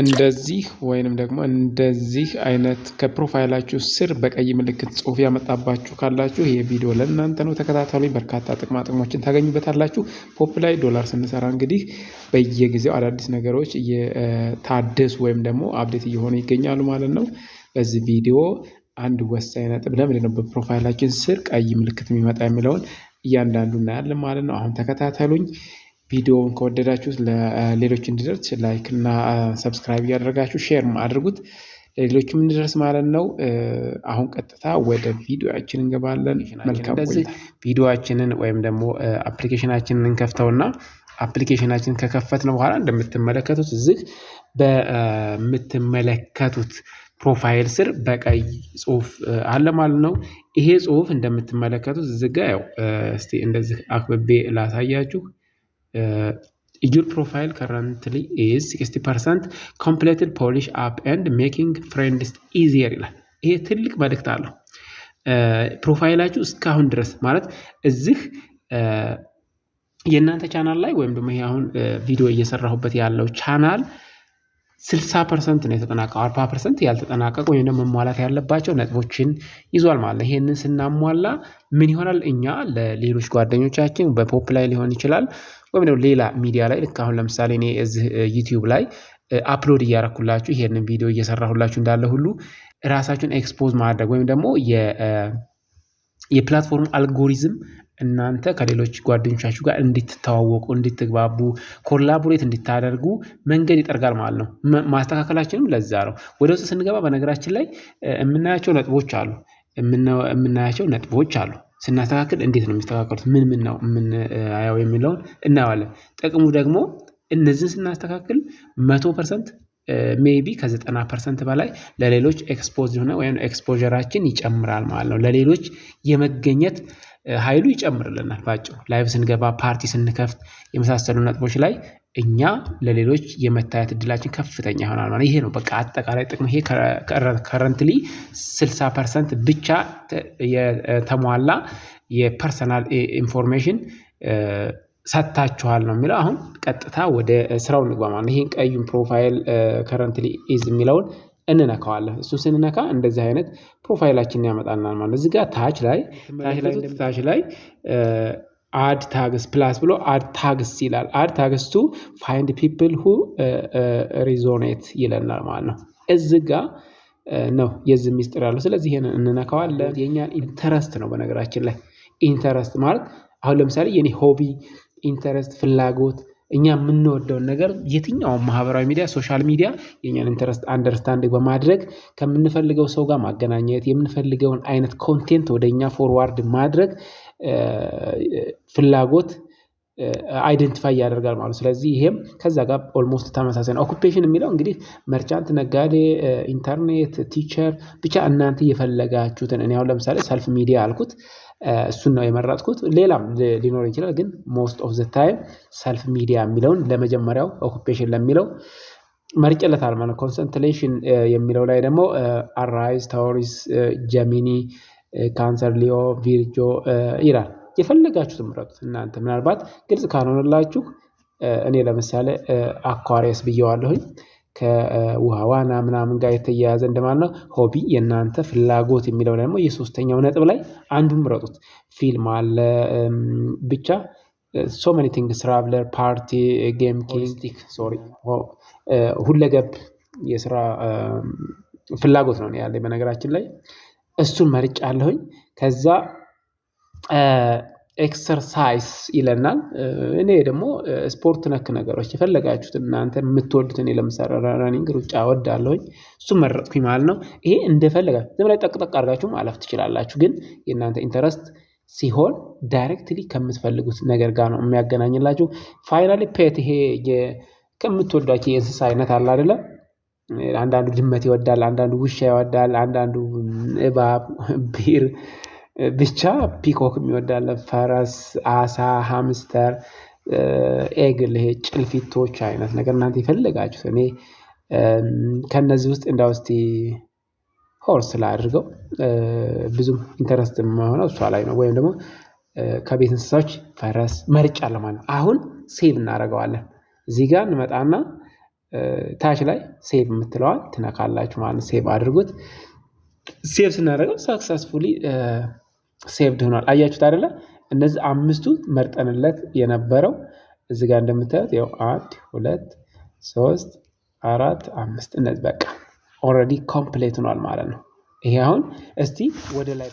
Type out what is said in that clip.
እንደዚህ ወይንም ደግሞ እንደዚህ አይነት ከፕሮፋይላችሁ ስር በቀይ ምልክት ጽሁፍ ያመጣባችሁ ካላችሁ ይህ ቪዲዮ ለእናንተ ነው። ተከታተሉኝ። በርካታ ጥቅማ ጥቅሞችን ታገኙበታላችሁ። ፖፕ ላይ ዶላር ስንሰራ እንግዲህ በየጊዜው አዳዲስ ነገሮች እየታደሱ ወይም ደግሞ አብዴት እየሆኑ ይገኛሉ ማለት ነው። በዚህ ቪዲዮ አንድ ወሳኝ ነጥብ ለምንድን ነው በፕሮፋይላችን ስር ቀይ ምልክት የሚመጣ የሚለውን እያንዳንዱ እናያለን ማለት ነው። አሁን ተከታተሉኝ። ቪዲዮውን ከወደዳችሁት ለሌሎች እንዲደርስ ላይክ እና ሰብስክራይብ እያደረጋችሁ ሼር አድርጉት ለሌሎችም እንዲደርስ ማለት ነው። አሁን ቀጥታ ወደ ቪዲዮችን እንገባለን። መልካም እንደዚህ ቪዲዮችንን ወይም ደግሞ አፕሊኬሽናችንን እንከፍተውና አፕሊኬሽናችን ነው በኋላ እንደምትመለከቱት እዚህ በምትመለከቱት ፕሮፋይል ስር በቀይ ጽሁፍ አለ ማለት ነው። ይሄ ጽሁፍ እንደምትመለከቱት እዚህ ጋ ያው እስቲ እንደዚህ አክብቤ ላሳያችሁ። Uh, your profile currently is 60% completed polish up and making friends easier ይላል። ይሄ ትልቅ መልእክት አለው። ፕሮፋይላችሁ uh, እስካሁን ድረስ ማለት እዚህ uh, የእናንተ ቻናል ላይ ወይም ደግሞ ይሄ አሁን ቪዲዮ እየሰራሁበት ያለው ቻናል ስልሳ ፐርሰንት ነው የተጠናቀቀው። አርባ ፐርሰንት ያልተጠናቀቁ ወይም ደግሞ መሟላት ያለባቸው ነጥቦችን ይዟል ማለት ነው። ይሄንን ስናሟላ ምን ይሆናል? እኛ ለሌሎች ጓደኞቻችን በፖፕ ላይ ሊሆን ይችላል ወይም ደግሞ ሌላ ሚዲያ ላይ ልክ አሁን ለምሳሌ እኔ እዚህ ዩቲዩብ ላይ አፕሎድ እያረኩላችሁ ይሄንን ቪዲዮ እየሰራሁላችሁ እንዳለ ሁሉ ራሳችሁን ኤክስፖዝ ማድረግ ወይም ደግሞ የፕላትፎርም አልጎሪዝም እናንተ ከሌሎች ጓደኞቻችሁ ጋር እንድትተዋወቁ፣ እንድትግባቡ፣ ኮላቦሬት እንድታደርጉ መንገድ ይጠርጋል ማለት ነው። ማስተካከላችንም ለዛ ነው። ወደ ውስጥ ስንገባ በነገራችን ላይ የምናያቸው ነጥቦች አሉ የምናያቸው ነጥቦች አሉ። ስናስተካክል እንዴት ነው የሚስተካከሉት፣ ምን ምን ነው የምናየው የሚለውን እናየዋለን። ጥቅሙ ደግሞ እነዚህን ስናስተካክል መቶ ፐርሰንት ሜቢ ከዘጠና ፐርሰንት በላይ ለሌሎች ኤክስፖዝ የሆነ ወይም ኤክስፖራችን ይጨምራል ማለት ነው። ለሌሎች የመገኘት ኃይሉ ይጨምርልናል። ባጭሩ ላይቭ ስንገባ፣ ፓርቲ ስንከፍት የመሳሰሉ ነጥቦች ላይ እኛ ለሌሎች የመታየት እድላችን ከፍተኛ ይሆናል ማለት ይሄ ነው። በቃ አጠቃላይ ጥቅም ይሄ ከረንትሊ 60 ፐርሰንት ብቻ የተሟላ የፐርሰናል ኢንፎርሜሽን ሰጥታችኋል ነው የሚለው። አሁን ቀጥታ ወደ ስራው እንግባ ነው። ይህን ቀዩን ፕሮፋይል ከረንትሊ ኢዝ የሚለውን እንነካዋለን። እሱ ስንነካ እንደዚህ አይነት ፕሮፋይላችንን ያመጣልናል ማለት ነው። እዚህ ጋር ታች ላይ ታች ላይ አድ ታግስ ፕላስ ብሎ አድ ታግስ ይላል። አድ ታግስ ቱ ፋይንድ ፒፕል ሁ ሪዞኔት ይለናል ማለት ነው። እዚህ ጋር ነው የዚህ ሚስጥር ያለው። ስለዚህ ይሄን እንነካዋለን። የኛ ኢንተረስት ነው በነገራችን ላይ ኢንተረስት ማለት አሁን ለምሳሌ የኔ ሆቢ ኢንተረስት፣ ፍላጎት እኛ የምንወደውን ነገር የትኛውም ማህበራዊ ሚዲያ ሶሻል ሚዲያ የኛን ኢንተረስት አንደርስታንድ በማድረግ ከምንፈልገው ሰው ጋር ማገናኘት የምንፈልገውን አይነት ኮንቴንት ወደ እኛ ፎርዋርድ ማድረግ ፍላጎት አይደንቲፋይ ያደርጋል ማለት። ስለዚህ ይሄም ከዛ ጋር ኦልሞስት ተመሳሳይ ነው። ኦኩፔሽን የሚለው እንግዲህ መርቻንት፣ ነጋዴ፣ ኢንተርኔት፣ ቲቸር ብቻ እናንተ የፈለጋችሁትን እኔ አሁን ለምሳሌ ሰልፍ ሚዲያ አልኩት። እሱን ነው የመረጥኩት። ሌላም ሊኖር ይችላል፣ ግን ሞስት ኦፍ ዘ ታይም ሰልፍ ሚዲያ የሚለውን ለመጀመሪያው ኦኩፔሽን ለሚለው መርጨለታል ማለት ኮንሰንትሌሽን የሚለው ላይ ደግሞ አራይዝ፣ ታውሪስ፣ ጀሚኒ፣ ካንሰር፣ ሊዮ፣ ቪርጆ ይላል። የፈለጋችሁት ምረጡት እናንተ ምናልባት ግልጽ ካልሆነላችሁ እኔ ለምሳሌ አኳሪየስ ብየዋለሁኝ። ከውሃ ዋና ምናምን ጋር የተያያዘ እንደማለት ነው። ሆቢ የእናንተ ፍላጎት የሚለው ደግሞ የሶስተኛው ነጥብ ላይ አንዱን ምረጡት። ፊልም አለ ብቻ ሶ መኒ ቲንግስ ትራቭለር፣ ፓርቲ፣ ጌም፣ ኪንግ፣ ሶሪ ሁለገብ የስራ ፍላጎት ነው ያለ በነገራችን ላይ እሱን መርጫ አለሁኝ ከዛ ኤክሰርሳይስ ይለናል። እኔ ደግሞ ስፖርት ነክ ነገሮች የፈለጋችሁት እናንተ የምትወዱት እኔ ለምሳሌ ራኒንግ፣ ሩጫ ወዳለሁኝ እሱ መረጥኩኝ ማለት ነው። ይሄ እንደፈለጋ ዝም ላይ ጠቅጠቅ አድርጋችሁ ማለፍ ትችላላችሁ። ግን የእናንተ ኢንተረስት ሲሆን ዳይሬክትሊ ከምትፈልጉት ነገር ጋር ነው የሚያገናኝላችሁ። ፋይናሊ ፔት ይሄ ከምትወዷቸው የእንስሳ አይነት አለ አይደለም። አንዳንዱ ድመት ይወዳል፣ አንዳንዱ ውሻ ይወዳል፣ አንዳንዱ እባብ፣ ቢር ብቻ ፒኮክ የሚወዳለ ፈረስ፣ አሳ፣ ሃምስተር፣ ኤግል ይሄ ጭልፊቶች አይነት ነገር እናንተ የፈለጋችሁት እኔ ከእነዚህ ውስጥ እንዳ ውስቲ ሆርስ ላይ አድርገው ብዙም ኢንተረስት የማሆነው እሷ ላይ ነው። ወይም ደግሞ ከቤት እንስሳዎች ፈረስ መርጫ ለማለት ነው። አሁን ሴቭ እናደርገዋለን። እዚህ ጋር እንመጣና ታች ላይ ሴቭ የምትለዋል ትነካላችሁ ማለት ሴቭ አድርጉት። ሴቭ ስናደርገው ሳክሰስፉሊ ሴቭድ ሆኗል። አያችሁት አይደለ? እነዚህ አምስቱ መርጠንለት የነበረው እዚ ጋር እንደምታዩት ያው አንድ ሁለት ሶስት አራት አምስት እነዚህ በቃ ኦልሬዲ ኮምፕሌት ሆኗል ማለት ነው። ይሄ አሁን እስቲ ወደ ላይ